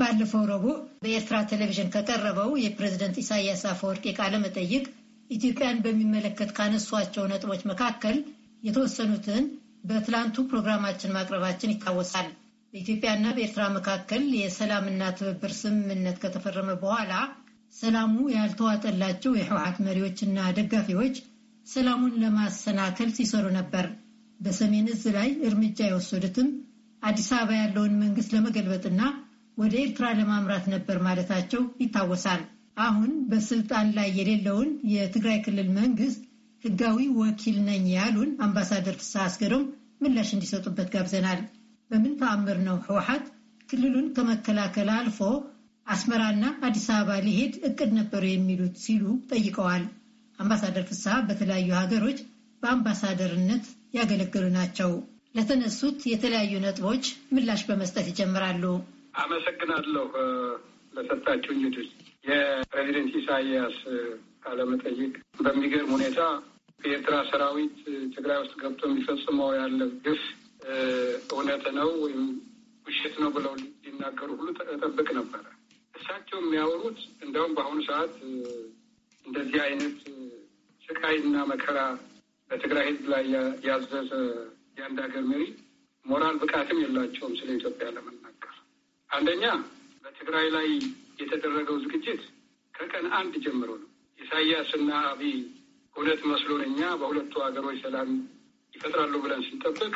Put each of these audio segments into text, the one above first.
ባለፈው ረቡዕ በኤርትራ ቴሌቪዥን ከቀረበው የፕሬዝደንት ኢሳያስ አፈወርቂ ቃለ መጠይቅ ኢትዮጵያን በሚመለከት ካነሷቸው ነጥቦች መካከል የተወሰኑትን በትላንቱ ፕሮግራማችን ማቅረባችን ይታወሳል። በኢትዮጵያና በኤርትራ መካከል የሰላምና ትብብር ስምምነት ከተፈረመ በኋላ ሰላሙ ያልተዋጠላቸው የህወሓት መሪዎችና ደጋፊዎች ሰላሙን ለማሰናከል ሲሰሩ ነበር። በሰሜን እዝ ላይ እርምጃ የወሰዱትም አዲስ አበባ ያለውን መንግስት ለመገልበጥና ወደ ኤርትራ ለማምራት ነበር ማለታቸው ይታወሳል። አሁን በስልጣን ላይ የሌለውን የትግራይ ክልል መንግስት ህጋዊ ወኪል ነኝ ያሉን አምባሳደር ፍስሐ አስገዶም ምላሽ እንዲሰጡበት ጋብዘናል። በምን ተአምር ነው ህወሓት ክልሉን ከመከላከል አልፎ አስመራና አዲስ አበባ ሊሄድ እቅድ ነበሩ የሚሉት ሲሉ ጠይቀዋል። አምባሳደር ፍስሐ በተለያዩ ሀገሮች በአምባሳደርነት ያገለገሉ ናቸው። ለተነሱት የተለያዩ ነጥቦች ምላሽ በመስጠት ይጀምራሉ። አመሰግናለሁ ለሰጣችሁ እንግዶች። የፕሬዚደንት ኢሳያስ ቃለመጠይቅ በሚገርም ሁኔታ የኤርትራ ሰራዊት ትግራይ ውስጥ ገብቶ የሚፈጽመው ያለ ግፍ እውነት ነው ወይም ውሸት ነው ብለው ሊናገሩ ሁሉ ጠብቅ ነበረ። እሳቸው የሚያወሩት እንደውም በአሁኑ ሰዓት እንደዚህ አይነት ስቃይና መከራ በትግራይ ህዝብ ላይ ያዘዘ የአንድ ሀገር መሪ ሞራል ብቃትም የላቸውም ስለ ኢትዮጵያ ለመናገር። አንደኛ በትግራይ ላይ የተደረገው ዝግጅት ከቀን አንድ ጀምሮ ነው። ኢሳያስና አብይ እውነት መስሎን እኛ በሁለቱ ሀገሮች ሰላም ይፈጥራሉ ብለን ስንጠብቅ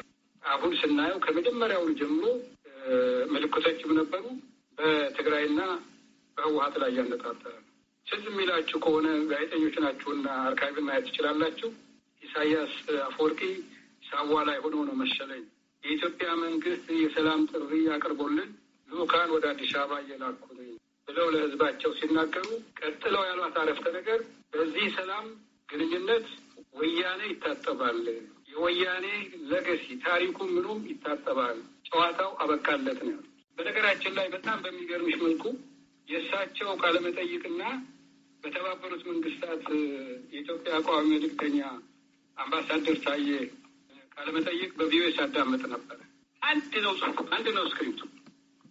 አሁን ስናየው ከመጀመሪያው ጀምሮ ምልክቶችም ነበሩ። በትግራይና በህወሀት ላይ እያነጣጠረ ነው። ትዝ የሚላችሁ ከሆነ ጋዜጠኞች ናችሁና አርካይቭ ማየት ትችላላችሁ። ኢሳያስ አፈወርቂ ሳዋ ላይ ሆኖ ነው መሰለኝ የኢትዮጵያ መንግስት የሰላም ጥሪ አቅርቦልን ልኡካን ወደ አዲስ አበባ እየላኩ ብለው ለህዝባቸው ሲናገሩ ቀጥለው ያሏት አረፍተ ነገር በዚህ ሰላም ግንኙነት ወያኔ ይታጠባል፣ የወያኔ ለገሲ ታሪኩ ምኑም ይታጠባል፣ ጨዋታው አበቃለት ነው። በነገራችን ላይ በጣም በሚገርምሽ መልኩ የእሳቸው ቃለመጠይቅና በተባበሩት መንግስታት የኢትዮጵያ አቋሚ መልእክተኛ አምባሳደር ታዬ ቃለመጠይቅ በቪኦኤ ሲያዳምጥ ነበር። አንድ ነው ጽሁፍ፣ አንድ ነው ስክሪፕቱ።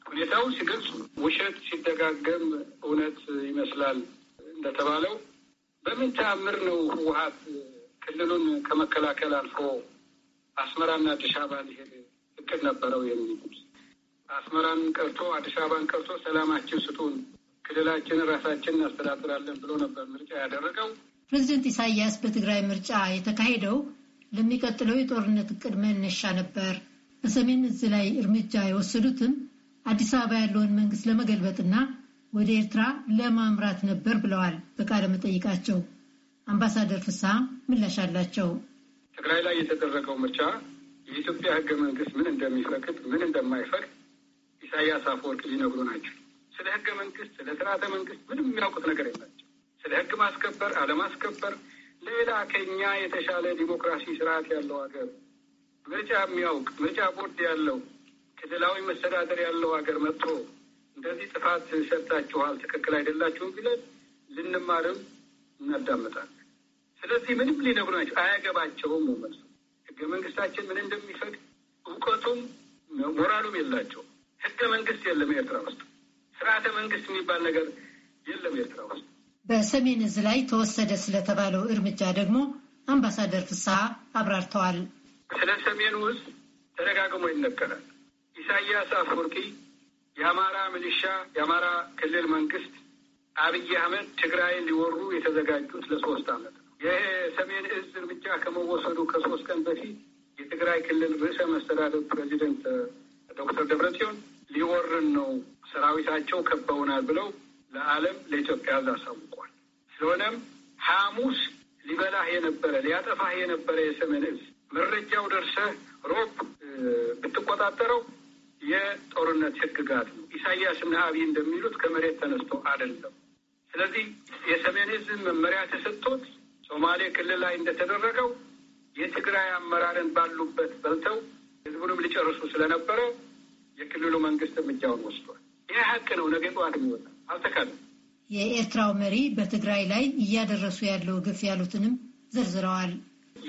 ሁኔታው ሲገልጹ ውሸት ሲደጋገም እውነት ይመስላል እንደተባለው በምን ተአምር ነው ህወሀት ክልሉን ከመከላከል አልፎ አስመራና አዲስ አበባ ሊሄድ እቅድ ነበረው የሚሉት አስመራን ቀርቶ አዲስ አበባን ቀርቶ ሰላማችን ስጡን፣ ክልላችን ራሳችን እናስተዳድራለን ብሎ ነበር ምርጫ ያደረገው። ፕሬዚደንት ኢሳያስ በትግራይ ምርጫ የተካሄደው ለሚቀጥለው የጦርነት እቅድ መነሻ ነበር፣ በሰሜን እዝ ላይ እርምጃ የወሰዱትም አዲስ አበባ ያለውን መንግስት ለመገልበጥና ወደ ኤርትራ ለማምራት ነበር ብለዋል። በቃለ መጠይቃቸው አምባሳደር ፍስሐ ምላሽ አላቸው። ትግራይ ላይ የተደረገው ምርጫ የኢትዮጵያ ህገ መንግስት ምን እንደሚፈቅድ ምን እንደማይፈቅድ ኢሳያስ አፈወርቅ ሊነግሩ ናቸው። ስለ ህገ መንግስት ስለ ስርዓተ መንግስት ምንም የሚያውቁት ነገር የለም። ስለ ህግ ማስከበር አለማስከበር ሌላ ከኛ የተሻለ ዲሞክራሲ ስርዓት ያለው ሀገር ምርጫ የሚያውቅ ምርጫ ቦርድ ያለው ክልላዊ መስተዳደር ያለው ሀገር መጥቶ እንደዚህ ጥፋት ሰጥታችኋል፣ ትክክል አይደላችሁም ቢለን ልንማርም እናዳምጣል። ስለዚህ ምንም ናቸው አያገባቸውም ነው መልሱ። ህገ መንግስታችን ምን እንደሚፈቅድ እውቀቱም ሞራሉም የላቸው። ህገ መንግስት የለም ኤርትራ ውስጥ። ስርዓተ መንግስት የሚባል ነገር የለም ኤርትራ ውስጥ። በሰሜን እዝ ላይ ተወሰደ ስለተባለው እርምጃ ደግሞ አምባሳደር ፍስሐ አብራርተዋል። ስለ ሰሜኑ እዝ ተደጋግሞ ይነገራል። ኢሳያስ አፈወርቂ፣ የአማራ ሚሊሻ፣ የአማራ ክልል መንግስት፣ አብይ አህመድ ትግራይን ሊወሩ የተዘጋጁት ለሶስት ዓመት ነው። ሰሜን እዝ እርምጃ ከመወሰዱ ከሶስት ቀን በፊት የትግራይ ክልል ርዕሰ መስተዳደር ፕሬዚደንት ዶክተር ደብረጽዮን ሊወርን ነው ሰራዊታቸው ከበውናል ብለው ለዓለም ለኢትዮጵያ ላሳው ስለሆነም ሐሙስ ሊበላህ የነበረ ሊያጠፋህ የነበረ የሰሜን እዝ መረጃው ደርሰህ ሮብ ብትቆጣጠረው የጦርነት ህግጋት ነው። ኢሳያስና አብይ እንደሚሉት ከመሬት ተነስቶ አይደለም። ስለዚህ የሰሜን እዝ መመሪያ ተሰጥቶት ሶማሌ ክልል ላይ እንደተደረገው የትግራይ አመራርን ባሉበት በልተው ህዝቡንም ሊጨርሱ ስለነበረ የክልሉ መንግስት እርምጃውን ወስዷል። ይህ ሀቅ ነው። ነገ ጠዋት የሚወጣ አልተካለም። የኤርትራው መሪ በትግራይ ላይ እያደረሱ ያለው ግፍ ያሉትንም ዘርዝረዋል።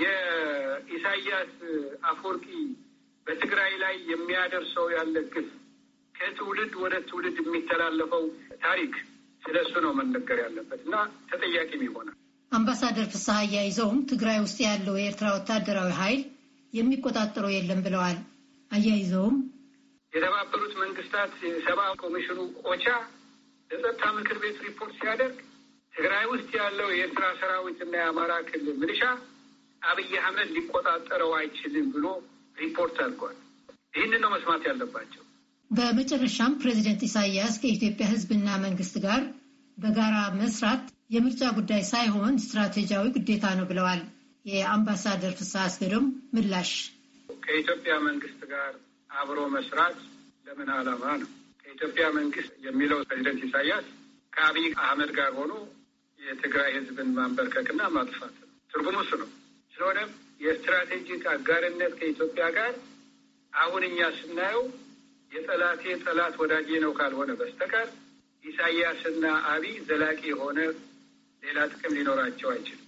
የኢሳያስ አፈወርቂ በትግራይ ላይ የሚያደርሰው ያለ ግፍ ከትውልድ ወደ ትውልድ የሚተላለፈው ታሪክ ስለሱ ነው መነገር ያለበት እና ተጠያቂም ይሆናል። አምባሳደር ፍስሐ አያይዘውም ትግራይ ውስጥ ያለው የኤርትራ ወታደራዊ ኃይል የሚቆጣጠረው የለም ብለዋል። አያይዘውም የተባበሩት መንግስታት የሰብአዊ ኮሚሽኑ ኦቻ ለጸጥታ ምክር ቤት ሪፖርት ሲያደርግ ትግራይ ውስጥ ያለው የኤርትራ እና የአማራ ክልል ምልሻ አብይ አህመድ ሊቆጣጠረው አይችልም ብሎ ሪፖርት አድርጓል። ይህን ነው መስማት ያለባቸው። በመጨረሻም ፕሬዚደንት ኢሳያስ ከኢትዮጵያ ሕዝብና መንግስት ጋር በጋራ መስራት የምርጫ ጉዳይ ሳይሆን ስትራቴጂያዊ ግዴታ ነው ብለዋል። የአምባሳደር ፍስሐ አስገዶም ምላሽ ከኢትዮጵያ መንግስት ጋር አብሮ መስራት ለምን ዓላማ ነው? ከኢትዮጵያ መንግስት የሚለው ፕሬዚደንት ኢሳያስ ከአብይ አህመድ ጋር ሆኖ የትግራይ ህዝብን ማንበርከክና ማጥፋት ነው። ትርጉሙ እሱ ነው። ስለሆነም የስትራቴጂክ አጋርነት ከኢትዮጵያ ጋር አሁን እኛ ስናየው የጠላቴ ጠላት ወዳጄ ነው ካልሆነ በስተቀር ኢሳያስና አብይ ዘላቂ የሆነ ሌላ ጥቅም ሊኖራቸው አይችልም።